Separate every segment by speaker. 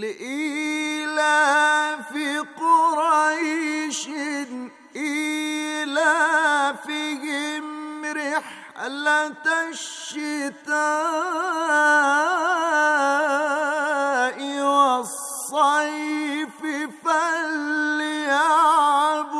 Speaker 1: لإيلاف قريش إيلافهم رحلة الشتاء والصيف فليعبدوا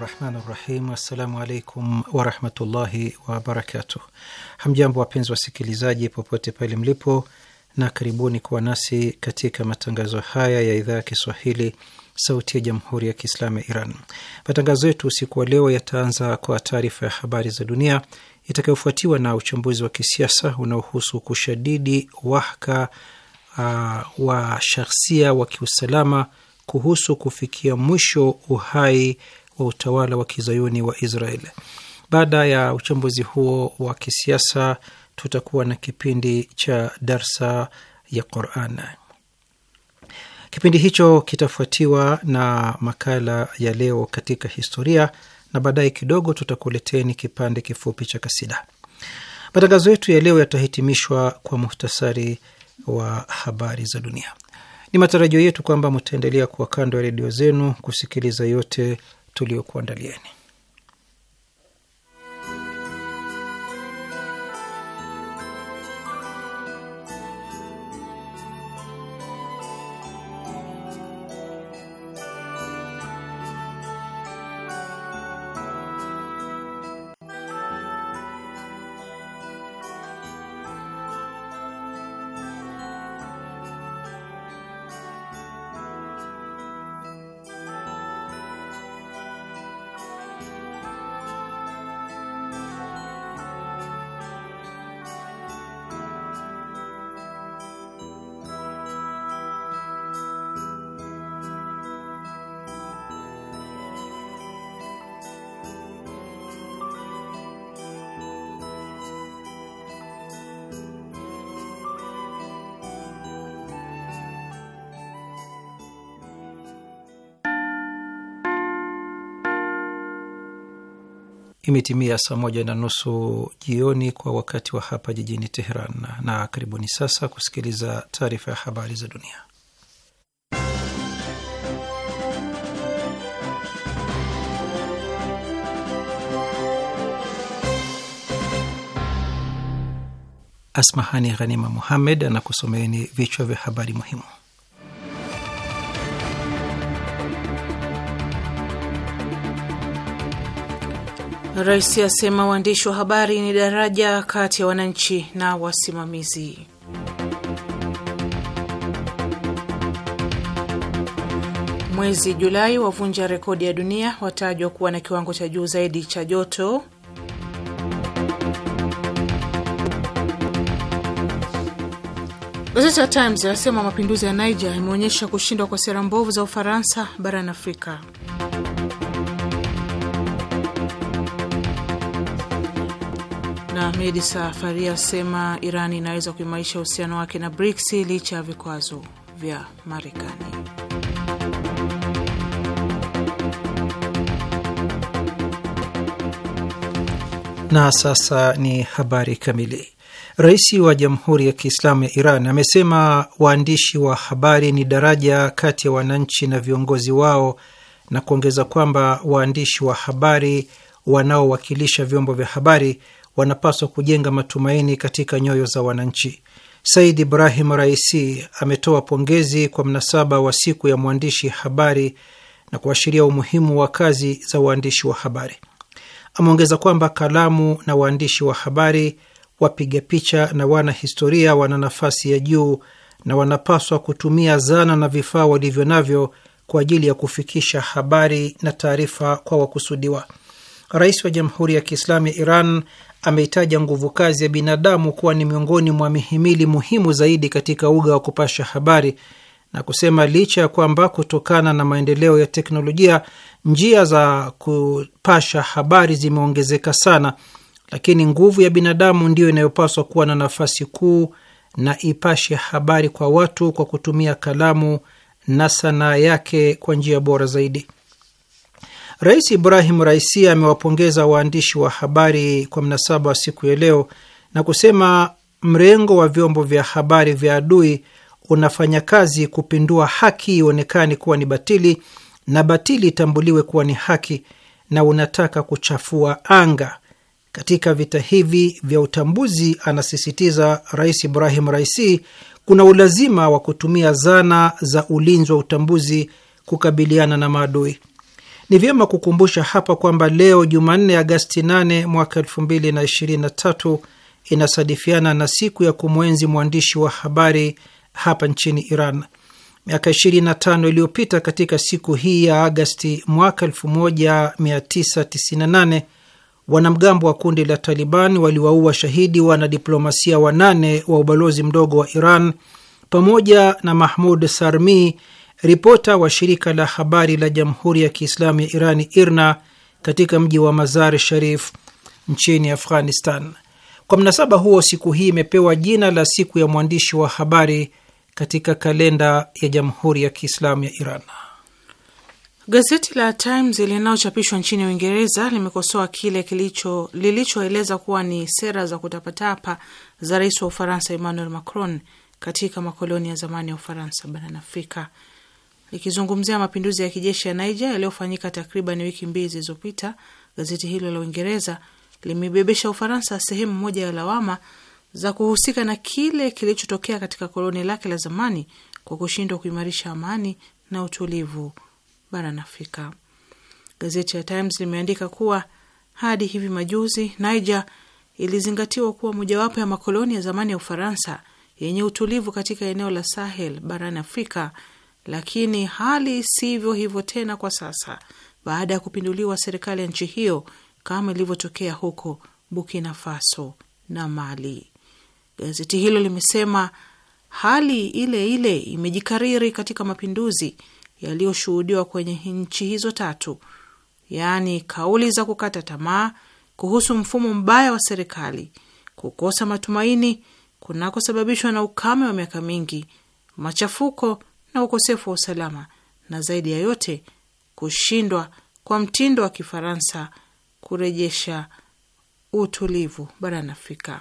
Speaker 2: rahmani rahim. Assalamu alaikum warahmatullahi wabarakatuh. Hamjambo wapenzi wasikilizaji, popote pale mlipo, na karibuni kuwa nasi katika matangazo haya ya idhaa ya Kiswahili sauti ya jamhuri ya Kiislamu ya Iran. Matangazo yetu usiku wa leo yataanza kwa taarifa ya habari za dunia itakayofuatiwa na uchambuzi wa kisiasa unaohusu kushadidi wahka uh, wa shakhsia wa kiusalama kuhusu kufikia mwisho uhai wa utawala wa kizayuni wa Israel. Baada ya uchambuzi huo wa kisiasa, tutakuwa na kipindi cha darsa ya Quran. Kipindi hicho kitafuatiwa na makala ya leo katika historia, na baadaye kidogo tutakuleteni kipande kifupi cha kasida. Matangazo yetu ya leo yatahitimishwa kwa muhtasari wa habari za dunia. Ni matarajio yetu kwamba mtaendelea kuwa kando ya redio zenu kusikiliza yote tuliokuandalieni. Imetimia saa moja na nusu jioni kwa wakati wa hapa jijini Teheran, na karibuni sasa kusikiliza taarifa ya habari za dunia. Asmahani Ghanima Muhammed anakusomeeni vichwa
Speaker 3: vya habari muhimu. Rais asema waandishi wa habari ni daraja kati ya wananchi na wasimamizi. Mwezi Julai wavunja rekodi ya dunia watajwa kuwa na kiwango cha juu zaidi cha joto. Gazeti la Times linasema mapinduzi ya Niger imeonyesha kushindwa kwa sera mbovu za Ufaransa barani Afrika. Hamid Safari asema Iran inaweza kuimarisha uhusiano wake na BRICS licha ya vikwazo vya Marekani.
Speaker 2: Na sasa ni habari kamili. Rais wa Jamhuri ya Kiislamu ya Iran amesema waandishi wa habari ni daraja kati ya wananchi na viongozi wao na kuongeza kwamba waandishi wa habari wanaowakilisha vyombo vya habari wanapaswa kujenga matumaini katika nyoyo za wananchi. Said Ibrahim Raisi ametoa pongezi kwa mnasaba wa siku ya mwandishi habari na kuashiria umuhimu wa kazi za waandishi wa habari. Ameongeza kwamba kalamu na waandishi wa habari, wapiga picha na wanahistoria wana nafasi ya juu na wanapaswa kutumia zana na vifaa walivyo navyo kwa ajili ya kufikisha habari na taarifa kwa wakusudiwa. Rais wa Jamhuri ya Kiislamu ya Iran ameitaja nguvu kazi ya binadamu kuwa ni miongoni mwa mihimili muhimu zaidi katika uga wa kupasha habari na kusema licha ya kwamba kutokana na maendeleo ya teknolojia njia za kupasha habari zimeongezeka sana, lakini nguvu ya binadamu ndiyo inayopaswa kuwa na nafasi kuu na ipashe habari kwa watu kwa kutumia kalamu na sanaa yake kwa njia bora zaidi. Rais Ibrahim Raisi amewapongeza waandishi wa habari kwa mnasaba wa siku ya leo na kusema mrengo wa vyombo vya habari vya adui unafanya kazi kupindua haki ionekane kuwa ni batili na batili itambuliwe kuwa ni haki, na unataka kuchafua anga katika vita hivi vya utambuzi, anasisitiza Rais Ibrahim Raisi. Kuna ulazima wa kutumia zana za ulinzi wa utambuzi kukabiliana na maadui. Ni vyema kukumbusha hapa kwamba leo Jumanne, Agasti 8 mwaka 2023 inasadifiana na siku ya kumwenzi mwandishi wa habari hapa nchini Iran. Miaka 25 iliyopita katika siku hii ya Agasti mwaka 1998 wanamgambo wa kundi la Taliban waliwaua shahidi wanadiplomasia wanane wa ubalozi mdogo wa Iran pamoja na Mahmud Sarmi Ripota wa shirika la habari la Jamhuri ya Kiislamu ya Irani, IRNA, katika mji wa Mazar Sharif nchini Afghanistan. Kwa mnasaba huo, siku hii imepewa jina la siku ya mwandishi wa habari katika kalenda ya Jamhuri ya Kiislamu ya Iran.
Speaker 3: Gazeti la Times linalochapishwa nchini Uingereza limekosoa kile kilicho lilichoeleza kuwa ni sera za kutapatapa za rais wa Ufaransa Emmanuel Macron katika makoloni ya zamani ya Ufaransa barani Afrika likizungumzia mapinduzi ya kijeshi ya Niger yaliyofanyika takriban wiki mbili zilizopita. Gazeti hilo la Uingereza limebebesha Ufaransa sehemu moja ya lawama za kuhusika na kile kilichotokea katika koloni lake la zamani kwa kushindwa kuimarisha amani na utulivu barani Afrika. Gazeti ya Times limeandika kuwa hadi hivi majuzi Niger ilizingatiwa kuwa mojawapo ya makoloni ya zamani ya Ufaransa yenye utulivu katika eneo la Sahel barani Afrika lakini hali sivyo hivyo tena kwa sasa baada ya kupinduliwa serikali ya nchi hiyo kama ilivyotokea huko Burkina Faso na Mali. Gazeti hilo limesema hali ile ile imejikariri katika mapinduzi yaliyoshuhudiwa kwenye nchi hizo tatu, yaani kauli za kukata tamaa kuhusu mfumo mbaya wa serikali, kukosa matumaini kunakosababishwa na ukame wa miaka mingi, machafuko na ukosefu wa usalama, na zaidi ya yote kushindwa kwa mtindo wa Kifaransa kurejesha utulivu barani Afrika.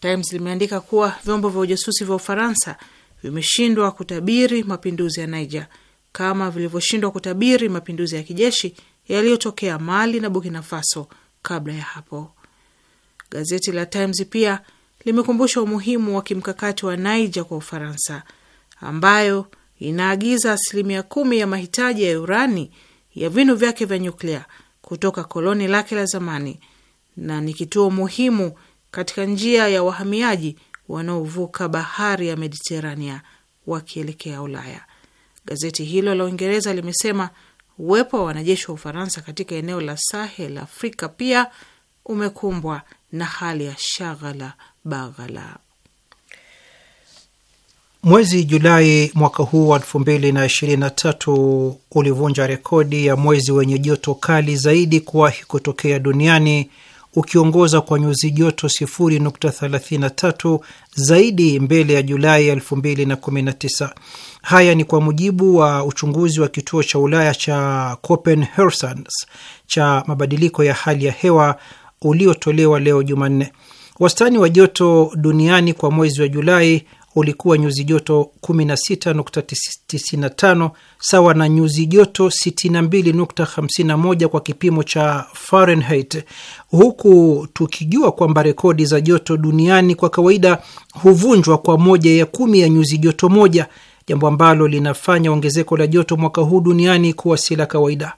Speaker 3: Times limeandika kuwa vyombo vya ujasusi vya Ufaransa vimeshindwa kutabiri mapinduzi ya Niger kama vilivyoshindwa kutabiri mapinduzi ya kijeshi yaliyotokea Mali na Burkina Faso kabla ya hapo. Gazeti la Times pia limekumbusha umuhimu wa kimkakati wa Niger kwa Ufaransa ambayo inaagiza asilimia kumi ya mahitaji ya urani ya vinu vyake vya nyuklia kutoka koloni lake la zamani na ni kituo muhimu katika njia ya wahamiaji wanaovuka bahari ya Mediterania wakielekea Ulaya. Gazeti hilo la Uingereza limesema uwepo wa wanajeshi wa Ufaransa katika eneo la Sahel Afrika pia umekumbwa na hali ya shaghala baghala.
Speaker 2: Mwezi Julai mwaka huu wa 2023 ulivunja rekodi ya mwezi wenye joto kali zaidi kuwahi kutokea duniani ukiongoza kwa nyuzi joto 0.33 zaidi mbele ya Julai 2019. Haya ni kwa mujibu wa uchunguzi wa kituo cha Ulaya cha Copenhagen cha mabadiliko ya hali ya hewa uliotolewa leo Jumanne. Wastani wa joto duniani kwa mwezi wa Julai ulikuwa nyuzi joto 16.95 sawa na nyuzi joto 62.51 kwa kipimo cha Fahrenheit, huku tukijua kwamba rekodi za joto duniani kwa kawaida huvunjwa kwa moja ya kumi ya nyuzi joto moja, jambo ambalo linafanya ongezeko la joto mwaka huu duniani kuwa si la kawaida.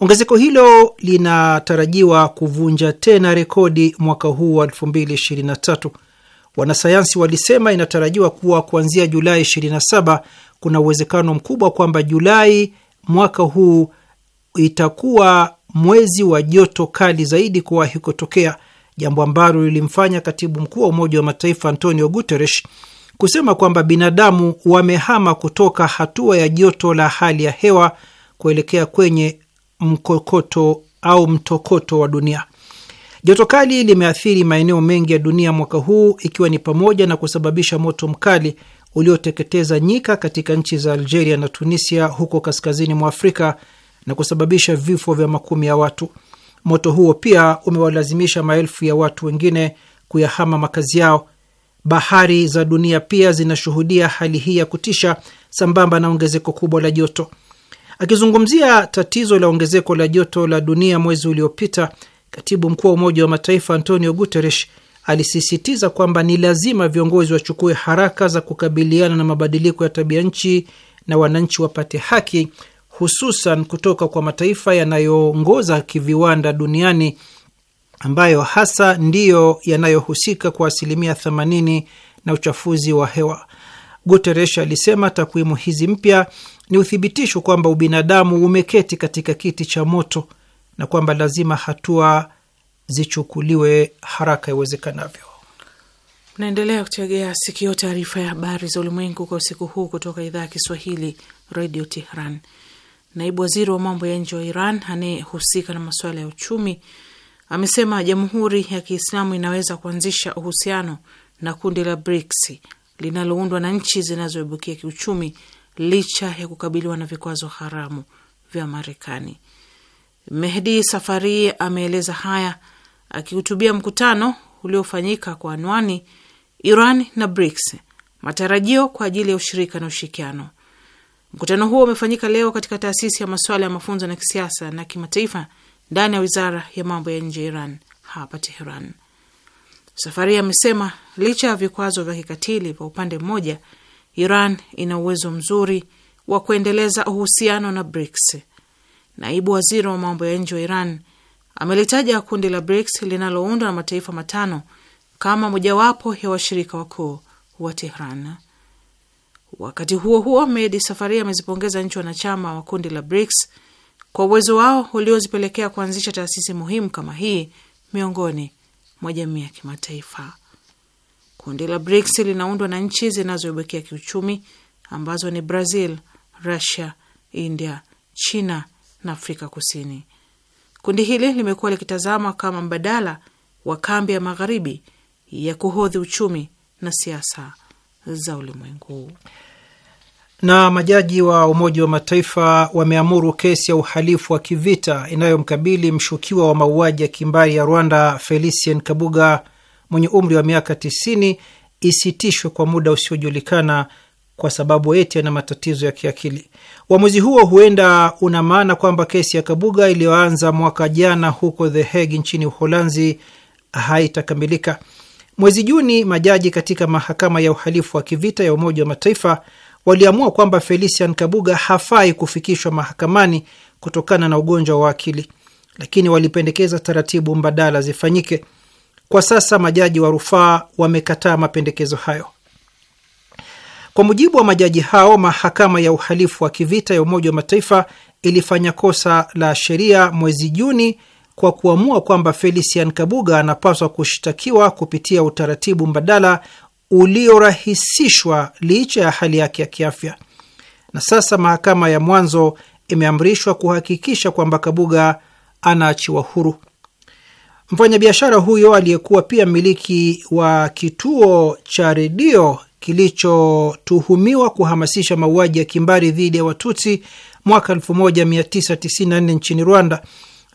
Speaker 2: Ongezeko hilo linatarajiwa kuvunja tena rekodi mwaka huu wa 2023. Wanasayansi walisema inatarajiwa kuwa kuanzia Julai 27 kuna uwezekano mkubwa kwamba Julai mwaka huu itakuwa mwezi wa joto kali zaidi kuwahi kutokea, jambo ambalo lilimfanya katibu mkuu wa Umoja wa Mataifa Antonio Guterres kusema kwamba binadamu wamehama kutoka hatua ya joto la hali ya hewa kuelekea kwenye mkokoto au mtokoto wa dunia. Joto kali limeathiri maeneo mengi ya dunia mwaka huu ikiwa ni pamoja na kusababisha moto mkali ulioteketeza nyika katika nchi za Algeria na Tunisia huko kaskazini mwa Afrika na kusababisha vifo vya makumi ya watu. Moto huo pia umewalazimisha maelfu ya watu wengine kuyahama makazi yao. Bahari za dunia pia zinashuhudia hali hii ya kutisha sambamba na ongezeko kubwa la joto. Akizungumzia tatizo la ongezeko la joto la dunia mwezi uliopita, Katibu mkuu wa Umoja wa Mataifa Antonio Guterres alisisitiza kwamba ni lazima viongozi wachukue haraka za kukabiliana na mabadiliko ya tabia nchi na wananchi wapate haki, hususan kutoka kwa mataifa yanayoongoza kiviwanda duniani ambayo hasa ndiyo yanayohusika kwa asilimia 80 na uchafuzi wa hewa. Guterres alisema takwimu hizi mpya ni uthibitisho kwamba ubinadamu umeketi katika kiti cha moto na kwamba lazima hatua zichukuliwe haraka iwezekanavyo.
Speaker 3: Naendelea kutegea sikio taarifa ya habari za ulimwengu kwa usiku huu kutoka idhaa ya Kiswahili redio Tehran. Naibu waziri wa mambo ya nje wa Iran anayehusika na masuala ya uchumi amesema jamhuri ya Kiislamu inaweza kuanzisha uhusiano na kundi la BRICS linaloundwa na nchi zinazoibukia kiuchumi licha ya kukabiliwa na vikwazo haramu vya Marekani. Mehdi Safari ameeleza haya akihutubia mkutano uliofanyika kwa anwani Iran na BRICS, matarajio kwa ajili ya ushirika na ushirikiano. Mkutano huo umefanyika leo katika taasisi ya masuala ya mafunzo na kisiasa na kimataifa ndani ya wizara ya mambo ya nje ya Iran hapa Teheran. Safari amesema licha ya vikwazo vya kikatili kwa upande mmoja, Iran ina uwezo mzuri wa kuendeleza uhusiano na BRICS naibu waziri wa mambo ya nje wa Iran amelitaja kundi la BRICS linaloundwa na mataifa matano kama mojawapo ya washirika wakuu wa Tehran. Wakati huo huo, Medi Safari amezipongeza nchi wanachama wa kundi la BRICS kwa uwezo wao uliozipelekea kuanzisha taasisi muhimu kama hii miongoni mwa jamii ya kimataifa. Kundi la BRICS linaundwa na nchi zinazoibekea kiuchumi ambazo ni Brazil, Russia, India, China, na Afrika Kusini. Kundi hili limekuwa likitazamwa kama mbadala wa kambi ya magharibi ya kuhodhi uchumi na siasa za ulimwengu.
Speaker 2: Na majaji wa Umoja wa Mataifa wameamuru kesi ya uhalifu wa kivita inayomkabili mshukiwa wa mauaji ya kimbari ya Rwanda Felicien Kabuga mwenye umri wa miaka 90 isitishwe kwa muda usiojulikana kwa sababu eti ana matatizo ya kiakili. Uamuzi huo huenda una maana kwamba kesi ya Kabuga iliyoanza mwaka jana huko The Hague nchini Uholanzi haitakamilika. Mwezi Juni, majaji katika mahakama ya uhalifu wa kivita ya Umoja wa Mataifa waliamua kwamba Felician Kabuga hafai kufikishwa mahakamani kutokana na ugonjwa wa akili, lakini walipendekeza taratibu mbadala zifanyike. Kwa sasa majaji wa rufaa wamekataa mapendekezo hayo. Kwa mujibu wa majaji hao, mahakama ya uhalifu wa kivita ya Umoja wa Mataifa ilifanya kosa la sheria mwezi Juni kwa kuamua kwamba Felician Kabuga anapaswa kushtakiwa kupitia utaratibu mbadala uliorahisishwa licha ya hali yake ya kiafya. Na sasa mahakama ya mwanzo imeamrishwa kuhakikisha kwamba Kabuga anaachiwa huru. Mfanyabiashara huyo aliyekuwa pia mmiliki wa kituo cha redio kilichotuhumiwa kuhamasisha mauaji ya kimbari dhidi ya Watutsi mwaka 1994 nchini Rwanda,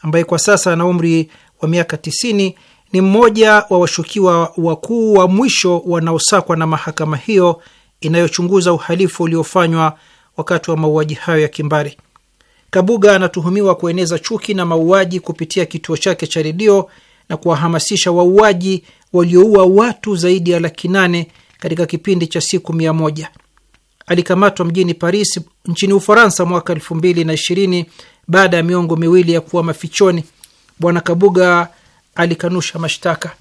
Speaker 2: ambaye kwa sasa ana umri wa miaka 90, ni mmoja wa washukiwa wakuu wa mwisho wanaosakwa na mahakama hiyo inayochunguza uhalifu uliofanywa wakati wa mauaji hayo ya kimbari. Kabuga anatuhumiwa kueneza chuki na mauaji kupitia kituo chake cha redio na kuwahamasisha wauaji walioua watu zaidi ya laki nane katika kipindi cha siku mia moja. Alikamatwa mjini Paris nchini Ufaransa mwaka elfu mbili na ishirini baada ya miongo miwili ya kuwa mafichoni. Bwana Kabuga alikanusha mashtaka.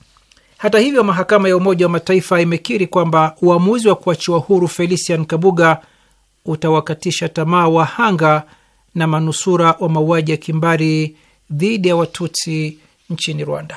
Speaker 2: Hata hivyo, mahakama ya Umoja wa Mataifa imekiri kwamba uamuzi wa kuachiwa huru Felician Kabuga utawakatisha tamaa wahanga na manusura wa mauaji ya kimbari dhidi ya Watutsi nchini Rwanda.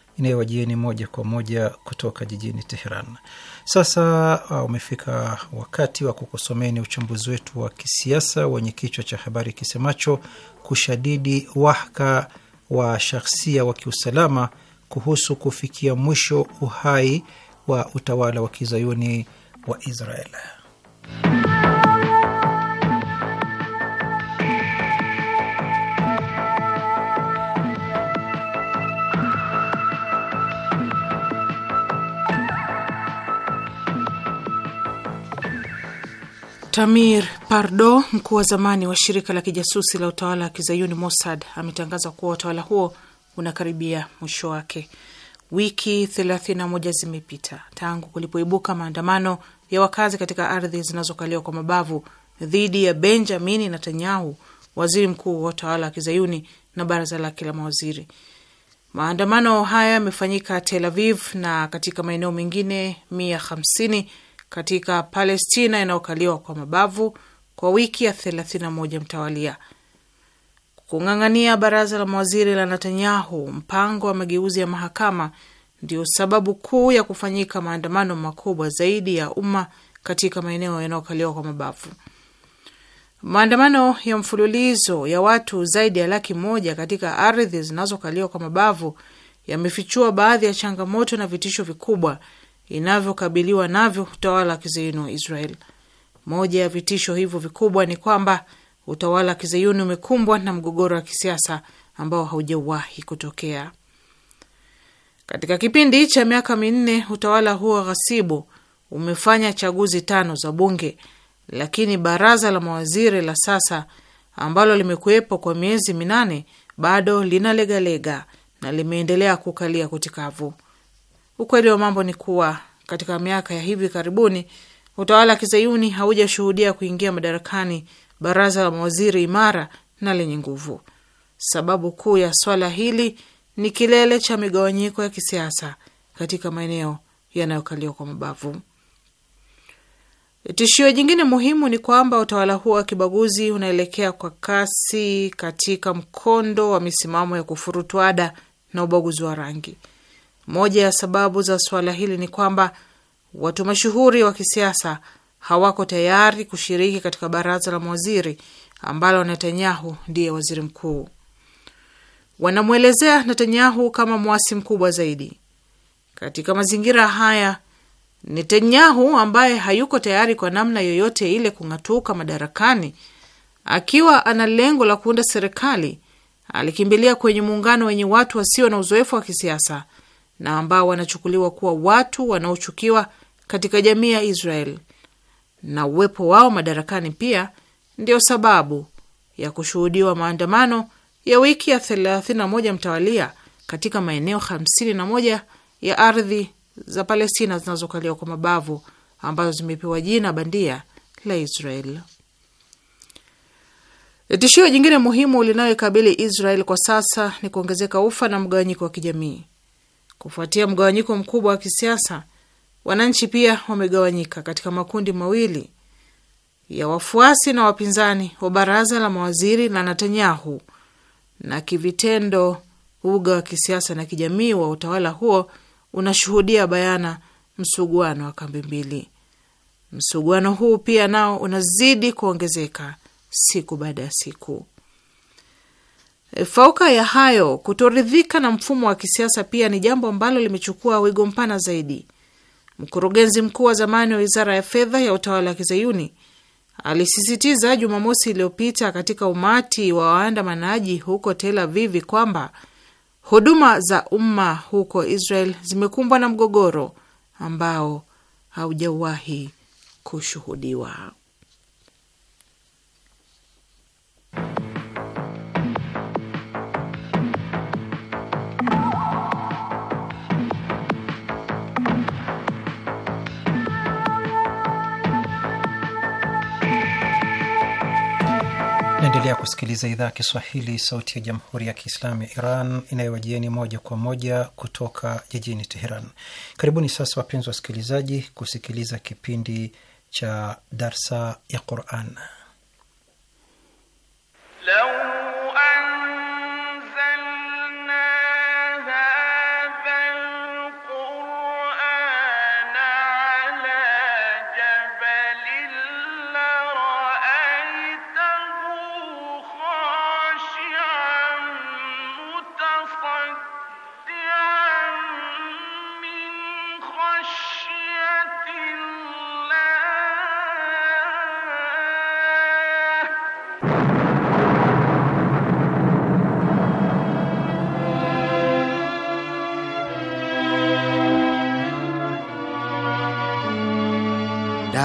Speaker 2: inayowajieni moja kwa moja kutoka jijini Teheran. Sasa uh, umefika wakati wa kukusomeni uchambuzi wetu wa kisiasa wenye kichwa cha habari kisemacho kushadidi wahaka wa shakhsia wa kiusalama kuhusu kufikia mwisho uhai wa utawala wa kizayuni wa Israel.
Speaker 3: Tamir Pardo, mkuu wa zamani wa shirika la kijasusi la utawala wa kizayuni Mossad, ametangaza kuwa utawala huo unakaribia mwisho wake. Wiki 31 zimepita tangu kulipoibuka maandamano ya wakazi katika ardhi zinazokaliwa kwa mabavu dhidi ya Benjamini Netanyahu, waziri mkuu wa utawala wa kizayuni na baraza lake la mawaziri. Maandamano haya yamefanyika Tel Aviv na katika maeneo mengine mia hamsini katika Palestina inayokaliwa kwa mabavu kwa wiki ya 31 mtawalia. Kung'ang'ania baraza la mawaziri la Netanyahu mpango wa mageuzi ya mahakama ndio sababu kuu ya kufanyika maandamano makubwa zaidi ya umma katika maeneo yanayokaliwa kwa mabavu. Maandamano ya mfululizo ya watu zaidi ya laki moja katika ardhi zinazokaliwa kwa mabavu yamefichua baadhi ya changamoto na vitisho vikubwa inavyokabiliwa navyo utawala wa kizayuni wa Israel. Moja ya vitisho hivyo vikubwa ni kwamba utawala wa kizayuni umekumbwa na mgogoro wa kisiasa ambao haujawahi kutokea. Katika kipindi cha miaka minne, utawala huo ghasibu umefanya chaguzi tano za bunge, lakini baraza la mawaziri la sasa ambalo limekuwepo kwa miezi minane bado linalegalega na limeendelea kukalia kutikavu. Ukweli wa mambo ni kuwa katika miaka ya hivi karibuni utawala wa kizayuni haujashuhudia kuingia madarakani baraza la mawaziri imara na lenye nguvu. Sababu kuu ya swala hili ni kilele cha migawanyiko ya kisiasa katika maeneo yanayokaliwa kwa mabavu. Tishio jingine muhimu ni kwamba utawala huo wa kibaguzi unaelekea kwa kasi katika mkondo wa misimamo ya ada na ubaguzi wa rangi. Moja ya sababu za suala hili ni kwamba watu mashuhuri wa kisiasa hawako tayari kushiriki katika baraza la mawaziri ambalo Netanyahu ndiye waziri mkuu. Wanamwelezea Netanyahu kama mwasi mkubwa zaidi. Katika mazingira haya, Netanyahu ambaye hayuko tayari kwa namna yoyote ile kung'atuka madarakani, akiwa ana lengo la kuunda serikali, alikimbilia kwenye muungano wenye watu wasio na uzoefu wa kisiasa na ambao wanachukuliwa kuwa watu wanaochukiwa katika jamii ya Israel, na uwepo wao madarakani pia ndio sababu ya kushuhudiwa maandamano ya wiki ya 31 mtawalia katika maeneo 51 ya ardhi za Palestina zinazokaliwa kwa mabavu ambazo zimepewa jina bandia la Israel. Tishio jingine muhimu linayoikabili Israel kwa sasa ni kuongezeka ufa na mgawanyiko wa kijamii. Kufuatia mgawanyiko mkubwa wa kisiasa, wananchi pia wamegawanyika katika makundi mawili ya wafuasi na wapinzani wa baraza la mawaziri la Netanyahu, na kivitendo uga wa kisiasa na kijamii wa utawala huo unashuhudia bayana msuguano wa kambi mbili. Msuguano huu pia nao unazidi kuongezeka siku baada ya siku. Eh, fauka ya hayo, kutoridhika na mfumo wa kisiasa pia ni jambo ambalo limechukua wigo mpana zaidi. Mkurugenzi mkuu wa zamani wa wizara ya fedha ya utawala wa kizayuni alisisitiza Jumamosi iliyopita katika umati wa waandamanaji huko Tel Avivi kwamba huduma za umma huko Israel zimekumbwa na mgogoro ambao haujawahi kushuhudiwa.
Speaker 2: Naendelea kusikiliza idhaa ya Kiswahili, sauti ya jamhuri ya kiislamu ya Iran inayowajieni moja kwa moja kutoka jijini Teheran. Karibuni sasa, wapenzi wasikilizaji, kusikiliza kipindi cha darsa ya Quran.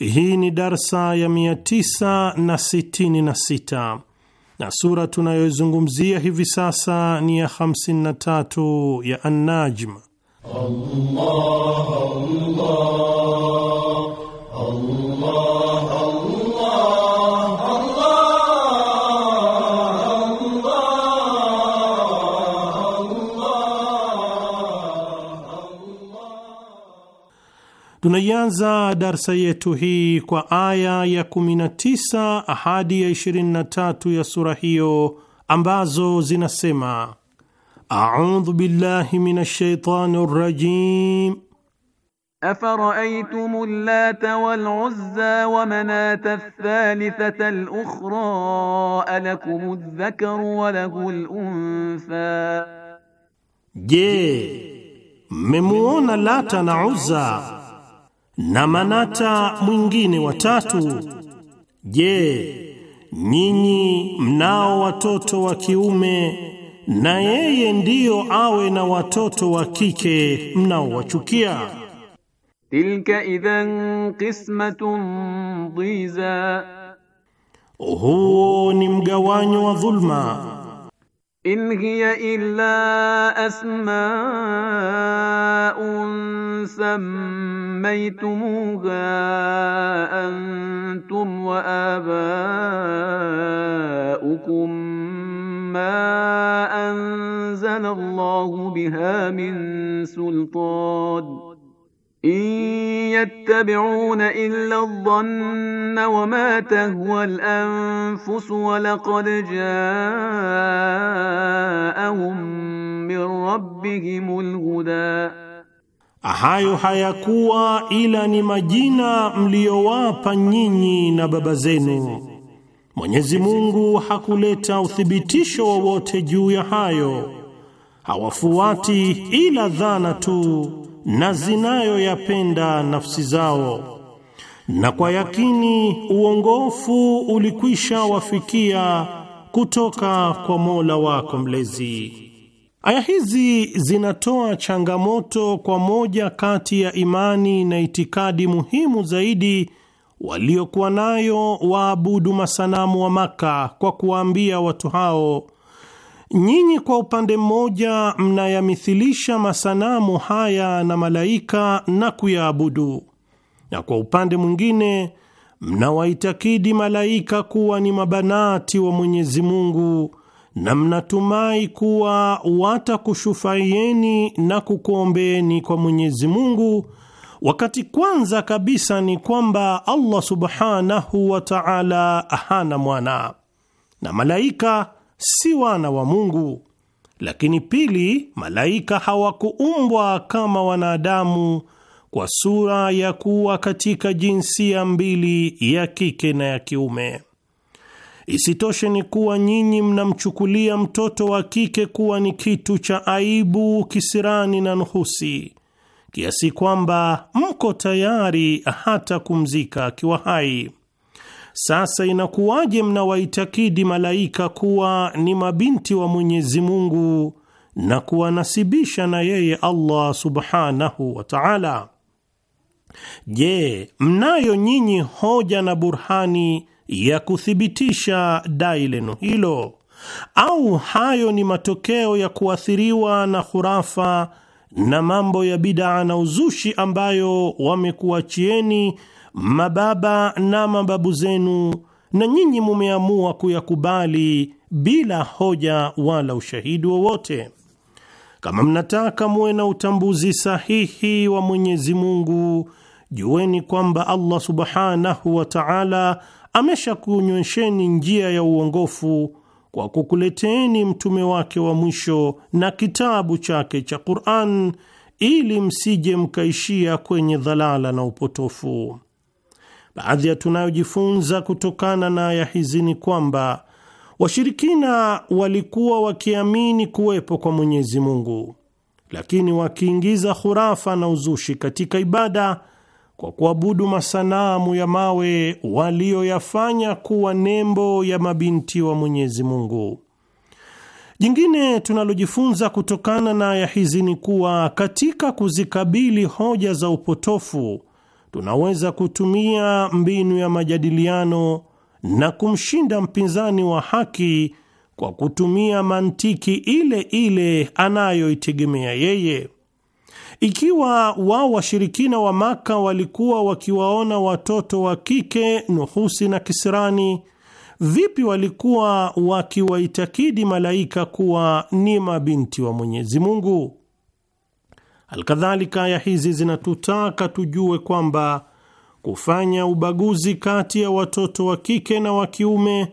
Speaker 4: Hii ni darsa ya 966 na sura tunayoizungumzia hivi sasa ni ya 53 ya An-Najm. Allah,
Speaker 5: Allah.
Speaker 4: Tunaianza darsa yetu hii kwa aya ya 19 ahadi ya 23 ya sura hiyo ambazo zinasema: audhu billahi minash shaitani rajim afara'aytum allata wal uzza wa manata thalithata
Speaker 6: al ukhra alakum adh-dhakaru wa lahu
Speaker 4: Je, mmemuona Lata na Uzza na manata mwingine watatu. Je, nyinyi mnao watoto wa kiume na yeye ndiyo awe na watoto wa kike mnaowachukia? Tilka idhan qismatun dhiza,
Speaker 6: huo ni mgawanyo wa dhulma. إن هي إلا أسماء سميتموها أنتم وآباؤكم ما أنزل الله بها من سلطان ۖ إن يتبعون إلا الظن وما تهوى الأنفس ولقد جاءهم
Speaker 4: من ربهم الهدى Hayo hayakuwa ila ni majina mliyowapa nyinyi na baba zenu. Mwenyezi Mungu hakuleta uthibitisho wowote juu ya hayo, hawafuati ila dhana tu na zinayoyapenda nafsi zao, na kwa yakini uongofu ulikwisha wafikia kutoka kwa Mola wako mlezi. Aya hizi zinatoa changamoto kwa moja kati ya imani na itikadi muhimu zaidi waliokuwa nayo waabudu masanamu wa Maka kwa kuwaambia watu hao Nyinyi kwa upande mmoja mnayamithilisha masanamu haya na malaika na kuyaabudu, na kwa upande mwingine mnawaitakidi malaika kuwa ni mabanati wa Mwenyezi Mungu na mnatumai kuwa watakushufaieni na kukuombeeni kwa Mwenyezi Mungu, wakati kwanza kabisa ni kwamba Allah subhanahu wa ta'ala hana mwana na malaika si wana wa Mungu. Lakini pili, malaika hawakuumbwa kama wanadamu kwa sura ya kuwa katika jinsia mbili ya kike na ya kiume. Isitoshe ni kuwa nyinyi mnamchukulia mtoto wa kike kuwa ni kitu cha aibu, kisirani na nuhusi, kiasi kwamba mko tayari hata kumzika akiwa hai. Sasa inakuwaje mnawaitakidi malaika kuwa ni mabinti wa Mwenyezi Mungu na kuwanasibisha na yeye Allah subhanahu wa ta'ala? Je, mnayo nyinyi hoja na burhani ya kuthibitisha dai lenu hilo, au hayo ni matokeo ya kuathiriwa na khurafa na mambo ya bidaa na uzushi ambayo wamekuachieni mababa na mababu zenu, na nyinyi mumeamua kuyakubali bila hoja wala ushahidi wowote. Kama mnataka muwe na utambuzi sahihi wa Mwenyezi Mungu, jueni kwamba Allah subhanahu wa taala ameshakunywesheni njia ya uongofu kwa kukuleteni mtume wake wa mwisho na kitabu chake cha Qur'an ili msije mkaishia kwenye dhalala na upotofu. Baadhi ya tunayojifunza kutokana na aya hizi ni kwamba washirikina walikuwa wakiamini kuwepo kwa Mwenyezi Mungu, lakini wakiingiza khurafa na uzushi katika ibada kwa kuabudu masanamu ya mawe waliyoyafanya kuwa nembo ya mabinti wa Mwenyezi Mungu. Jingine tunalojifunza kutokana na aya hizi ni kuwa katika kuzikabili hoja za upotofu tunaweza kutumia mbinu ya majadiliano na kumshinda mpinzani wa haki kwa kutumia mantiki ile ile anayoitegemea yeye. Ikiwa wao washirikina wa Maka walikuwa wakiwaona watoto wa kike Nuhusi na Kisirani, vipi walikuwa wakiwaitakidi malaika kuwa ni mabinti wa Mwenyezi Mungu? Alkadhalika, aya hizi zinatutaka tujue kwamba kufanya ubaguzi kati ya watoto wa kike na wa kiume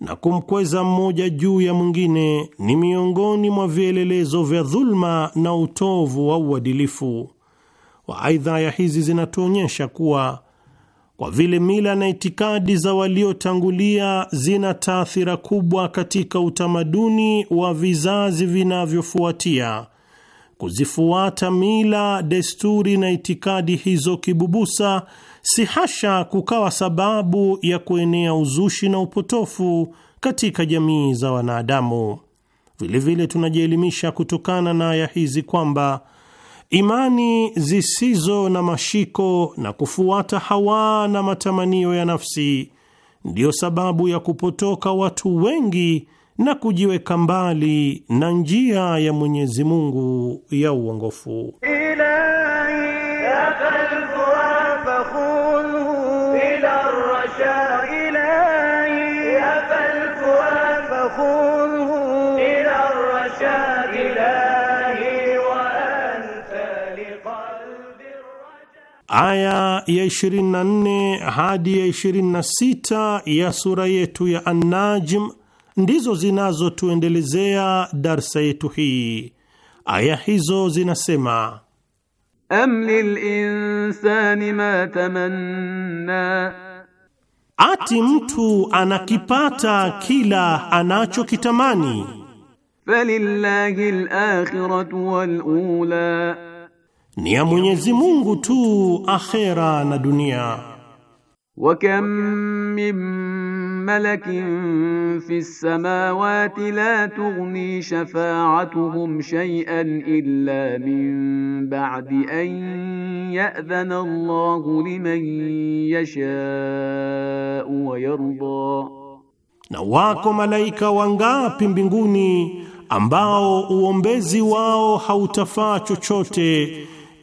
Speaker 4: na kumkweza mmoja juu ya mwingine ni miongoni mwa vielelezo vya dhulma na utovu wa uadilifu wa. Aidha, aya hizi zinatuonyesha kuwa kwa vile mila na itikadi za waliotangulia zina taathira kubwa katika utamaduni wa vizazi vinavyofuatia Kuzifuata mila, desturi na itikadi hizo kibubusa, si hasha kukawa sababu ya kuenea uzushi na upotofu katika jamii za wanadamu. Vilevile tunajielimisha kutokana na aya hizi kwamba imani zisizo na mashiko na kufuata hawa na matamanio ya nafsi ndiyo sababu ya kupotoka watu wengi na kujiweka mbali na njia ya Mwenyezi Mungu ya uongofu. Aya ya 24 hadi ya 26 ya sura yetu ya An-Najm ndizo zinazotuendelezea darsa yetu hii. Aya hizo zinasema: am lilinsani
Speaker 6: ma tamanna,
Speaker 4: ati mtu anakipata kila anachokitamani. Falillahi ni ya Mwenyezi Mungu tu akhera na dunia. min
Speaker 6: malakin fi samawati la tughni shafaatuhum shay'an illa min ba'di an ya'dhana Allahu liman yasha'u wa yarda,
Speaker 4: na wako malaika wangapi mbinguni ambao uombezi wao hautafaa chochote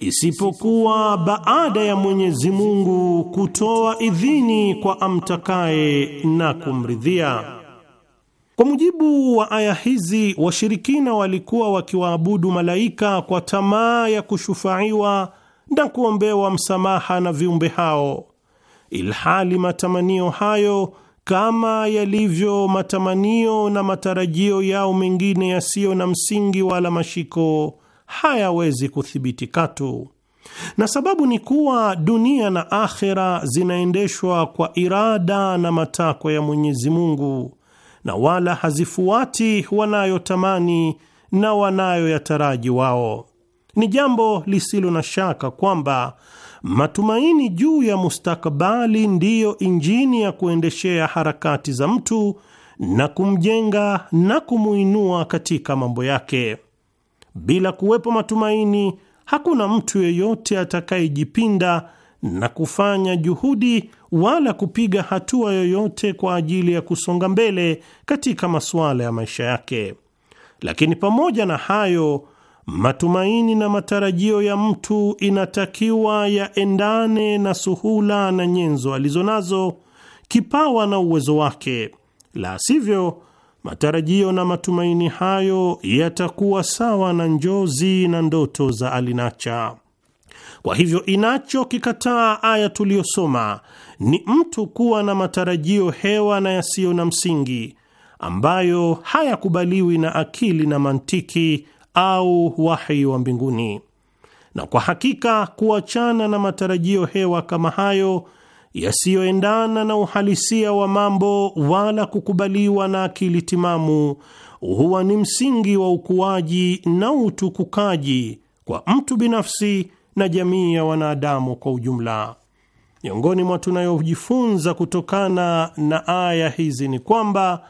Speaker 4: isipokuwa baada ya Mwenyezi Mungu kutoa idhini kwa amtakaye na kumridhia. Kwa mujibu wa aya hizi, washirikina walikuwa wakiwaabudu malaika kwa tamaa ya kushufaiwa na kuombewa msamaha na viumbe hao, ilhali matamanio hayo kama yalivyo matamanio na matarajio yao mengine yasiyo na msingi wala mashiko hayawezi kuthibiti katu, na sababu ni kuwa dunia na akhera zinaendeshwa kwa irada na matakwa ya Mwenyezi Mungu na wala hazifuati wanayotamani na wanayoyataraji wao. Ni jambo lisilo na shaka kwamba matumaini juu ya mustakabali ndiyo injini ya kuendeshea harakati za mtu na kumjenga na kumuinua katika mambo yake bila kuwepo matumaini, hakuna mtu yeyote atakayejipinda na kufanya juhudi wala kupiga hatua yoyote kwa ajili ya kusonga mbele katika masuala ya maisha yake. Lakini pamoja na hayo, matumaini na matarajio ya mtu inatakiwa yaendane na suhula na nyenzo alizo nazo, kipawa na uwezo wake, la sivyo Matarajio na matumaini hayo yatakuwa sawa na njozi na ndoto za alinacha. Kwa hivyo inachokikataa aya tuliyosoma ni mtu kuwa na matarajio hewa na yasiyo na msingi ambayo hayakubaliwi na akili na mantiki au wahi wa mbinguni, na kwa hakika kuachana na matarajio hewa kama hayo yasiyoendana na uhalisia wa mambo wala kukubaliwa na akili timamu huwa ni msingi wa ukuaji na utukukaji kwa mtu binafsi na jamii ya wanadamu kwa ujumla. Miongoni mwa tunayojifunza kutokana na aya hizi ni kwamba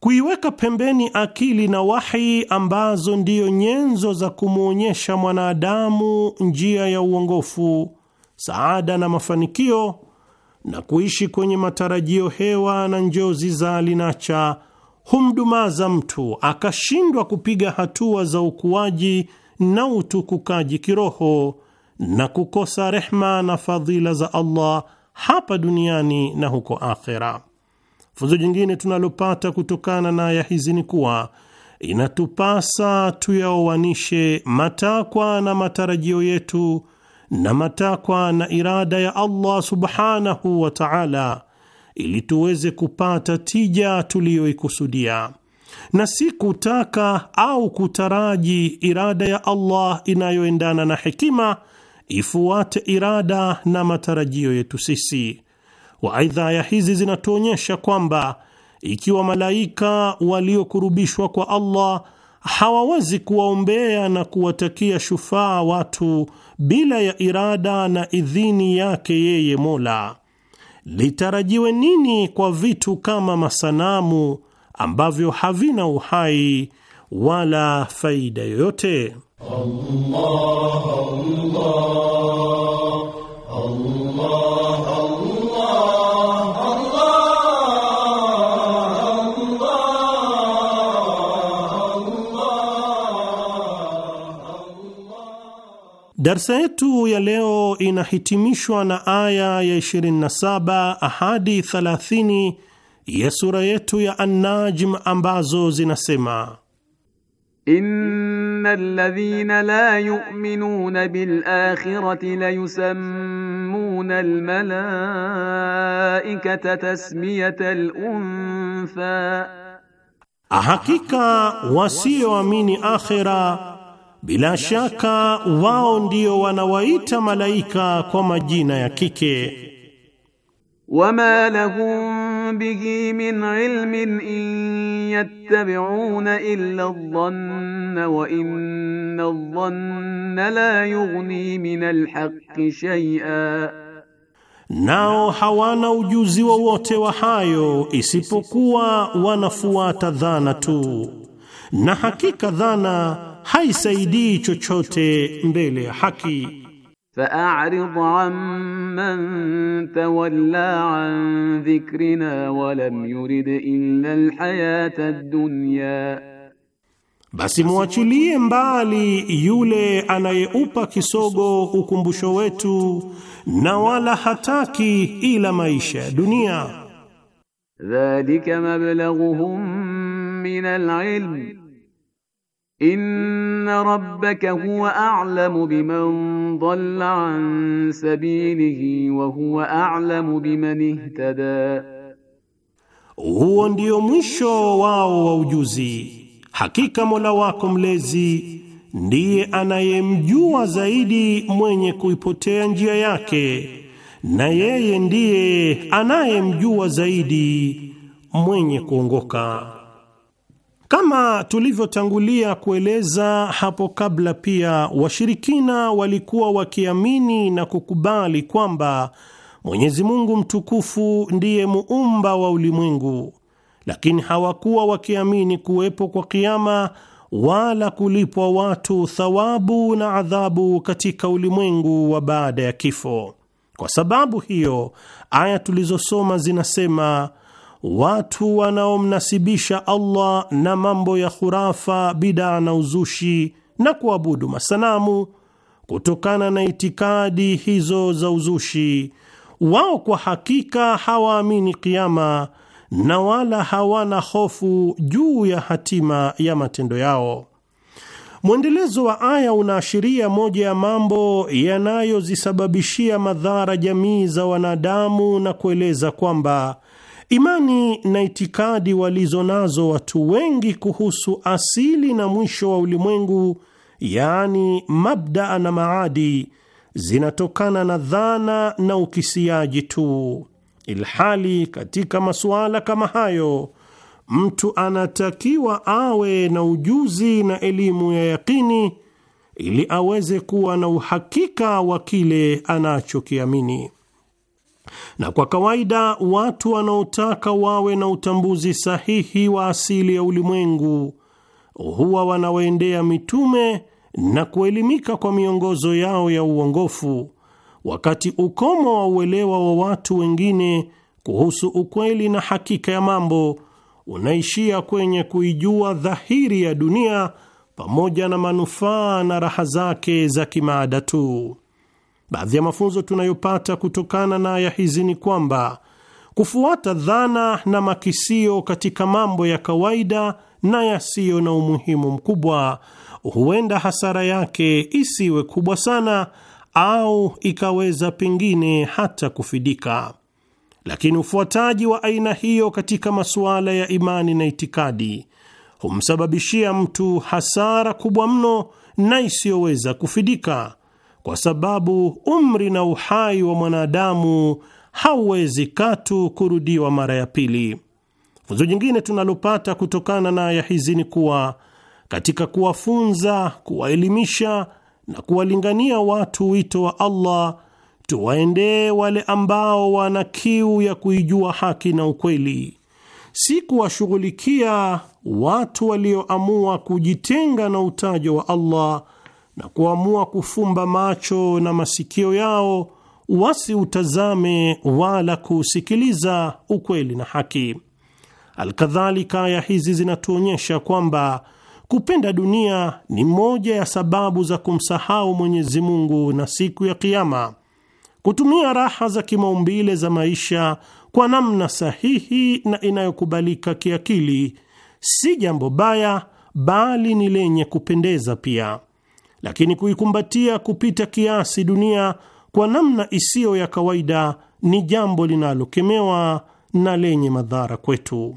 Speaker 4: kuiweka pembeni akili na wahi ambazo ndiyo nyenzo za kumwonyesha mwanadamu njia ya uongofu, saada na mafanikio na kuishi kwenye matarajio hewa na njozi za alinacha humdumaza mtu akashindwa kupiga hatua za ukuaji na utukukaji kiroho na kukosa rehma na fadhila za Allah hapa duniani na huko akhera. Funzo jingine tunalopata kutokana na aya hizi ni kuwa inatupasa tuyaoanishe matakwa na matarajio yetu na matakwa na irada ya Allah subhanahu wa ta'ala, ili tuweze kupata tija tuliyoikusudia, na si kutaka au kutaraji irada ya Allah inayoendana na hekima ifuate irada na matarajio yetu sisi. wa aidha, aya hizi zinatuonyesha kwamba ikiwa malaika waliokurubishwa kwa Allah hawawezi kuwaombea na kuwatakia shufaa watu bila ya irada na idhini yake yeye Mola. Litarajiwe nini kwa vitu kama masanamu ambavyo havina uhai wala faida yoyote? Allah, Allah. Darsa yetu ya leo inahitimishwa na aya ya 27 hadi 30 ya sura yetu ya An-Najm ambazo zinasema:
Speaker 6: Inna alladhina la yu'minuna bil akhirati la yusammuna al malaikata tasmiyata al untha,
Speaker 4: hakika wasioamini akhira bila shaka wao ndio wanawaita malaika kwa majina ya kike. Wama lahum bihi
Speaker 6: min ilmin in yattabi'una illa dhanna wa inna dhanna la yughni min al
Speaker 4: shay'a, nao hawana ujuzi wowote wa, wa hayo isipokuwa wanafuata dhana tu, na hakika dhana haisaidii chochote mbele ya haki.
Speaker 6: Fa'arid amman tawalla an dhikrina wa lam yurid illa alhayata ad-dunya,
Speaker 4: basi muachilie mbali yule anayeupa kisogo ukumbusho wetu na wala hataki ila maisha ya dunia. Dhalika mablaghuhum
Speaker 6: min alilm Inna rabbaka huwa a'lamu biman dhalla an sabilihi wa huwa a'lamu biman ihtada.
Speaker 4: Huo ndio mwisho wao wa ujuzi. Hakika Mola wako mlezi ndiye anayemjua zaidi mwenye kuipotea njia yake, na yeye ndiye anayemjua zaidi mwenye kuongoka. Kama tulivyotangulia kueleza hapo kabla, pia washirikina walikuwa wakiamini na kukubali kwamba Mwenyezi Mungu mtukufu ndiye muumba wa ulimwengu, lakini hawakuwa wakiamini kuwepo kwa kiama wala kulipwa watu thawabu na adhabu katika ulimwengu wa baada ya kifo. Kwa sababu hiyo, aya tulizosoma zinasema watu wanaomnasibisha Allah na mambo ya khurafa, bidaa na uzushi na kuabudu masanamu kutokana na itikadi hizo za uzushi, wao kwa hakika hawaamini kiama na wala hawana hofu juu ya hatima ya matendo yao. Mwendelezo wa aya unaashiria moja ya mambo yanayozisababishia madhara jamii za wanadamu na kueleza kwamba Imani na itikadi walizo nazo watu wengi kuhusu asili na mwisho wa ulimwengu, yaani mabdaa na maadi, zinatokana na dhana na ukisiaji tu, ilhali katika masuala kama hayo mtu anatakiwa awe na ujuzi na elimu ya yakini ili aweze kuwa na uhakika wa kile anachokiamini na kwa kawaida watu wanaotaka wawe na utambuzi sahihi wa asili ya ulimwengu huwa wanawaendea mitume na kuelimika kwa miongozo yao ya uongofu, wakati ukomo wa uelewa wa watu wengine kuhusu ukweli na hakika ya mambo unaishia kwenye kuijua dhahiri ya dunia pamoja na manufaa na raha zake za kimaada tu. Baadhi ya mafunzo tunayopata kutokana na aya hizi ni kwamba kufuata dhana na makisio katika mambo ya kawaida na yasiyo na umuhimu mkubwa, huenda hasara yake isiwe kubwa sana au ikaweza pengine hata kufidika. Lakini ufuataji wa aina hiyo katika masuala ya imani na itikadi humsababishia mtu hasara kubwa mno na isiyoweza kufidika kwa sababu umri na uhai wa mwanadamu hauwezi katu kurudiwa mara ya pili. Funzo jingine tunalopata kutokana na aya hizi ni kuwa katika kuwafunza, kuwaelimisha na kuwalingania watu wito wa Allah, tuwaendee wale ambao wana kiu ya kuijua haki na ukweli, si kuwashughulikia watu walioamua kujitenga na utajo wa Allah na kuamua kufumba macho na masikio yao wasiutazame wala kuusikiliza ukweli na haki. Alkadhalika, aya hizi zinatuonyesha kwamba kupenda dunia ni moja ya sababu za kumsahau Mwenyezi Mungu na siku ya Kiama. Kutumia raha za kimaumbile za maisha kwa namna sahihi na inayokubalika kiakili si jambo baya, bali ni lenye kupendeza pia lakini kuikumbatia kupita kiasi dunia kwa namna isiyo ya kawaida ni jambo linalokemewa na lenye madhara kwetu.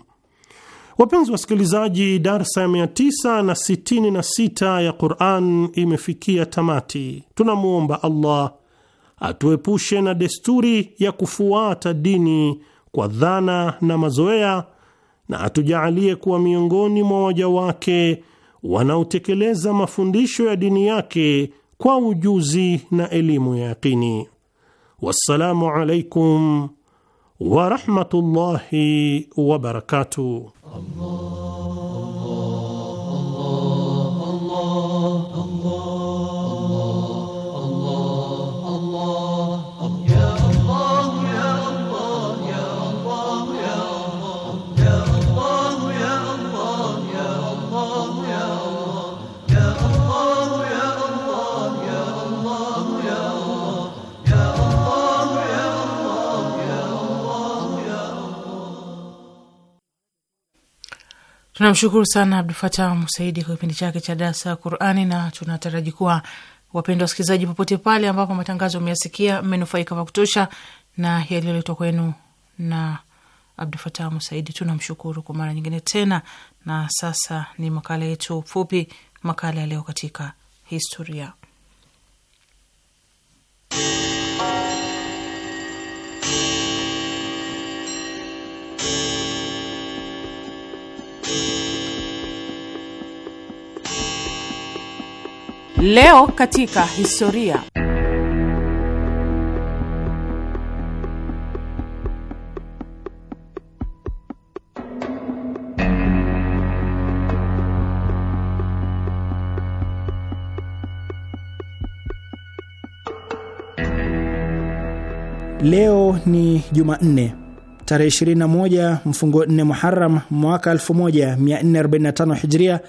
Speaker 4: Wapenzi wasikilizaji, darsa ya 966 ya Quran imefikia tamati. Tunamwomba Allah atuepushe na desturi ya kufuata dini kwa dhana na mazoea, na atujaalie kuwa miongoni mwa waja wake wanaotekeleza mafundisho ya dini yake kwa ujuzi na elimu ya yaqini. Wassalamu alaikum warahmatullahi wabarakatuh.
Speaker 3: Tunamshukuru sana Abdul Fatah Musaidi kwa kipindi chake cha darasa ya Qurani, na tunataraji kuwa wapendwa wasikilizaji, popote pale ambapo matangazo mmeyasikia, mmenufaika vya kutosha na yaliyoletwa kwenu na Abdul Fatah Musaidi. Tunamshukuru kwa mara nyingine tena, na sasa ni makala yetu fupi, makala ya leo katika historia Leo katika historia. Leo
Speaker 7: ni Jumanne tarehe 21 mfungo 4 muharam mwaka 1445 Hijria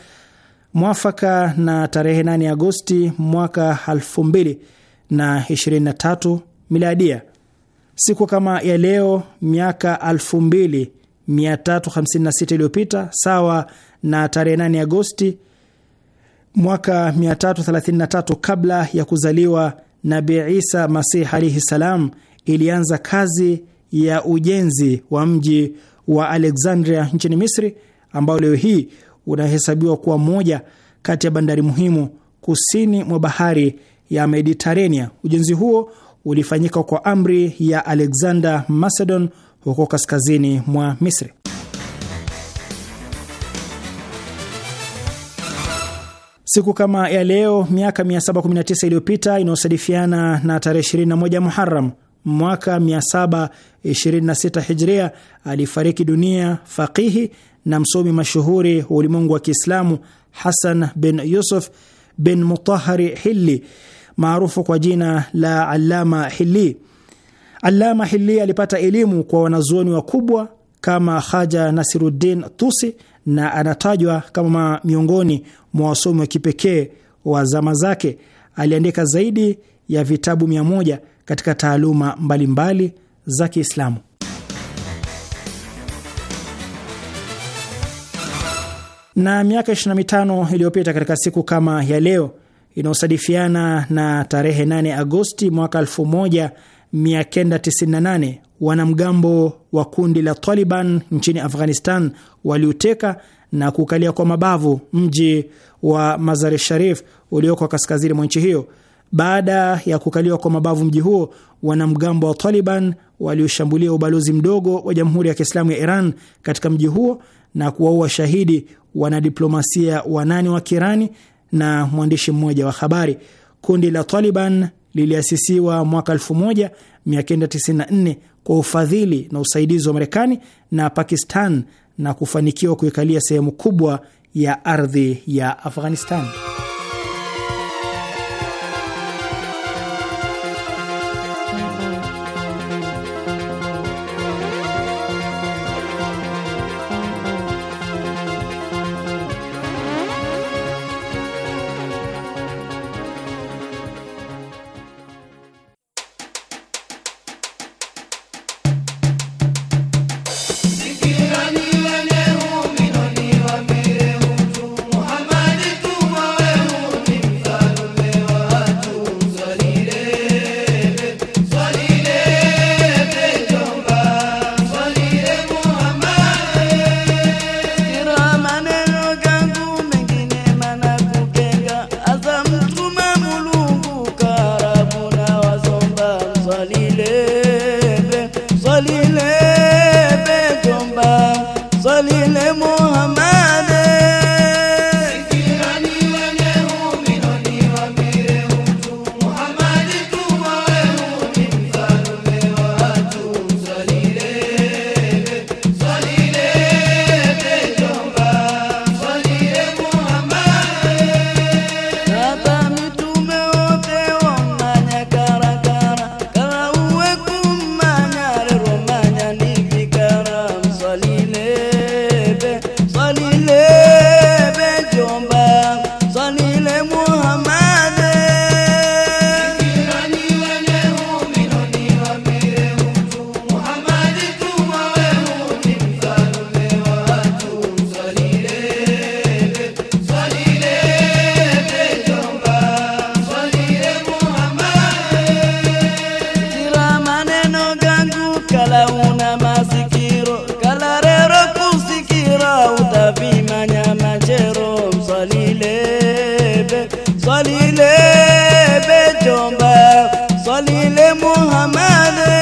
Speaker 7: mwafaka na tarehe 8 Agosti mwaka 2023 miladia. Siku kama ya leo miaka 2356 iliyopita, sawa na tarehe 8 Agosti mwaka 333 kabla ya kuzaliwa Nabi Isa Masih alaihi salam, ilianza kazi ya ujenzi wa mji wa Alexandria nchini Misri, ambao leo hii unahesabiwa kuwa moja kati ya bandari muhimu kusini mwa bahari ya Mediterania. Ujenzi huo ulifanyika kwa amri ya Alexander Macedon huko kaskazini mwa Misri. Siku kama ya leo miaka 719 iliyopita inayosadifiana na tarehe 21 Muharam mwaka 726 Hijria alifariki dunia faqihi na msomi mashuhuri wa ulimwengu wa Kiislamu Hasan bin Yusuf bin Mutahari Hilli maarufu kwa jina la Allama Hilli. Allama Hilli alipata elimu kwa wanazuoni wakubwa kama Haja Nasiruddin Tusi na anatajwa kama miongoni mwa wasomi wa kipekee wa zama zake. Aliandika zaidi ya vitabu mia moja katika taaluma mbalimbali za Kiislamu. Na miaka 25 iliyopita katika siku kama ya leo inayosadifiana na tarehe 8 Agosti mwaka 1998 wanamgambo wa kundi la Taliban nchini Afghanistan waliuteka na kukalia kwa mabavu mji wa Mazar-e Sharif ulioko kaskazini mwa nchi hiyo. Baada ya kukaliwa kwa mabavu mji huo, wanamgambo wa Taliban walioshambulia ubalozi mdogo wa Jamhuri ya Kiislamu ya Iran katika mji huo na kuwaua shahidi wanadiplomasia wanane wa Kirani na mwandishi mmoja wa habari. Kundi la Taliban liliasisiwa mwaka 1994 kwa ufadhili na usaidizi wa Marekani na Pakistan na kufanikiwa kuikalia sehemu kubwa ya ardhi ya Afghanistan.
Speaker 5: صلي لبيت صلي لمحمد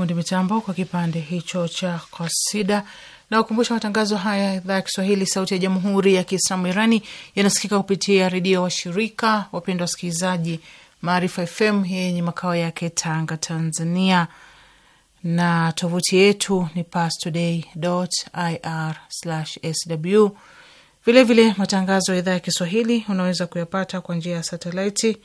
Speaker 3: fundi mitambo kwa kipande hicho cha kasida na ukumbusha matangazo haya idhaa ya Kiswahili sauti ya jamhuri ya Kiislamu Irani yanasikika kupitia redio washirika, wapendwa wasikilizaji, Maarifa FM yenye makao yake Tanga, Tanzania, na tovuti yetu ni pastoday.ir/sw. Vilevile matangazo ya idhaa ya Kiswahili unaweza kuyapata kwa njia ya satelaiti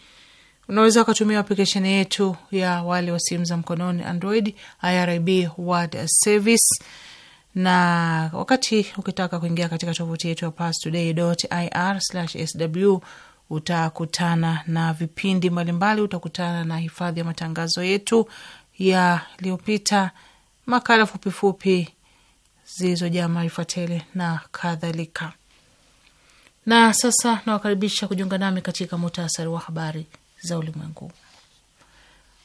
Speaker 3: Unaweza ukatumia aplikesheni yetu ya wale wa simu za mkononi Android, IRIB World Service, na wakati ukitaka kuingia katika tovuti yetu ya pastoday.ir/sw utakutana na vipindi mbalimbali, utakutana na hifadhi ya matangazo yetu yaliyopita, makala fupifupi zilizojaa maarifa tele na kadhalika. Na sasa nawakaribisha kujiunga nami katika muhtasari wa habari za ulimwengu.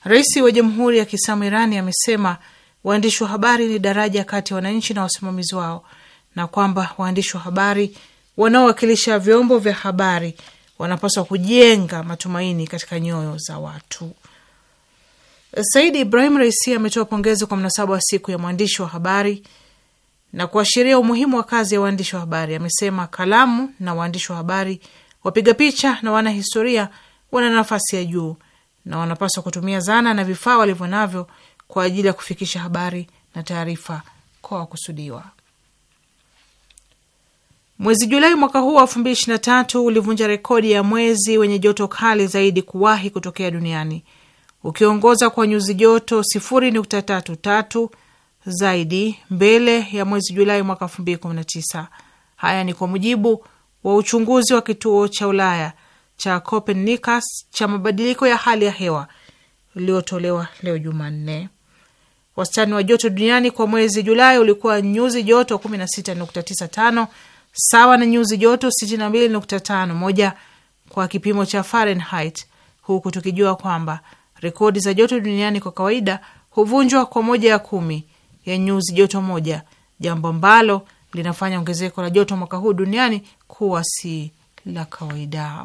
Speaker 3: Rais wa Jamhuri ya Kiislamu Irani amesema waandishi wa habari ni daraja kati ya wananchi na wasimamizi wao, na kwamba waandishi wa habari wanaowakilisha vyombo vya habari wanapaswa kujenga matumaini katika nyoyo za watu. Saidi Ibrahim Raisi ametoa pongezi kwa mnasaba wa siku ya mwandishi wa habari na kuashiria umuhimu wa kazi ya waandishi wa habari. Amesema kalamu na waandishi wa habari, wapiga picha na wanahistoria wana nafasi ya juu na wanapaswa kutumia zana na vifaa walivyo navyo kwa ajili ya kufikisha habari na taarifa kwa wakusudiwa. Mwezi Julai mwaka huu wa elfu mbili ishirini na tatu ulivunja rekodi ya mwezi wenye joto kali zaidi kuwahi kutokea duniani ukiongoza kwa nyuzi joto tatu zaidi mbele ya mwezi Julai mwaka tisa. Haya ni kwa mujibu wa uchunguzi wa kituo cha Ulaya cha Copernicus cha mabadiliko ya hali ya hewa uliotolewa leo Jumanne. Wastani wa joto duniani kwa mwezi Julai ulikuwa nyuzi joto 16.95 sawa na nyuzi joto 62.51 kwa kipimo cha Fahrenheit, huku tukijua kwamba rekodi za joto duniani kwa kawaida huvunjwa kwa moja ya kumi ya nyuzi joto moja, jambo ambalo linafanya ongezeko la joto mwaka huu duniani kuwa si la kawaida.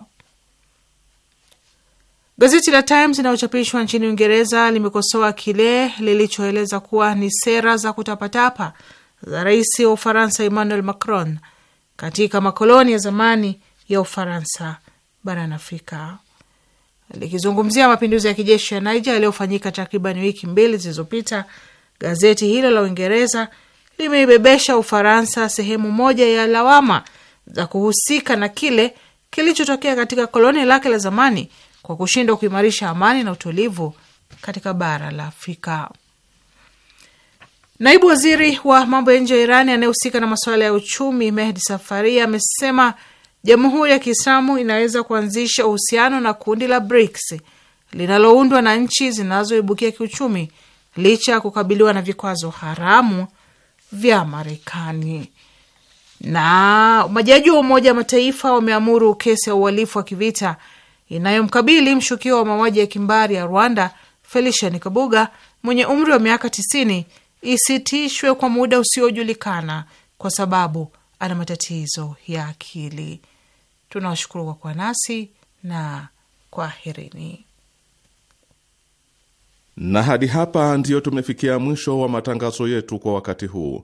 Speaker 3: Gazeti la Times linalochapishwa nchini Uingereza limekosoa kile lilichoeleza kuwa ni sera za kutapatapa za rais wa Ufaransa Emmanuel Macron katika makoloni ya zamani ya Ufaransa barani Afrika. Likizungumzia mapinduzi ya kijeshi ya Niger yaliyofanyika takriban wiki mbili zilizopita, gazeti hilo la Uingereza limeibebesha Ufaransa sehemu moja ya lawama za kuhusika na kile kilichotokea katika koloni lake la zamani kwa kushindwa kuimarisha amani na utulivu katika bara la Afrika. Naibu waziri wa mambo ya nje wa Irani anayehusika na masuala ya uchumi Mehdi Safari amesema jamhuri ya Kiislamu inaweza kuanzisha uhusiano na kundi la BRICS linaloundwa na nchi zinazoibukia kiuchumi licha ya kukabiliwa na vikwazo haramu vya Marekani. Na majaji wa Umoja wa Mataifa wameamuru kesi ya uhalifu wa kivita inayomkabili mshukiwa wa mauaji ya kimbari ya Rwanda felicia nikabuga mwenye umri wa miaka tisini isitishwe kwa muda usiojulikana kwa sababu ana matatizo ya akili. Tunawashukuru kwa kuwa nasi na kwaherini.
Speaker 8: Na hadi hapa ndiyo tumefikia mwisho wa matangazo yetu kwa wakati huu.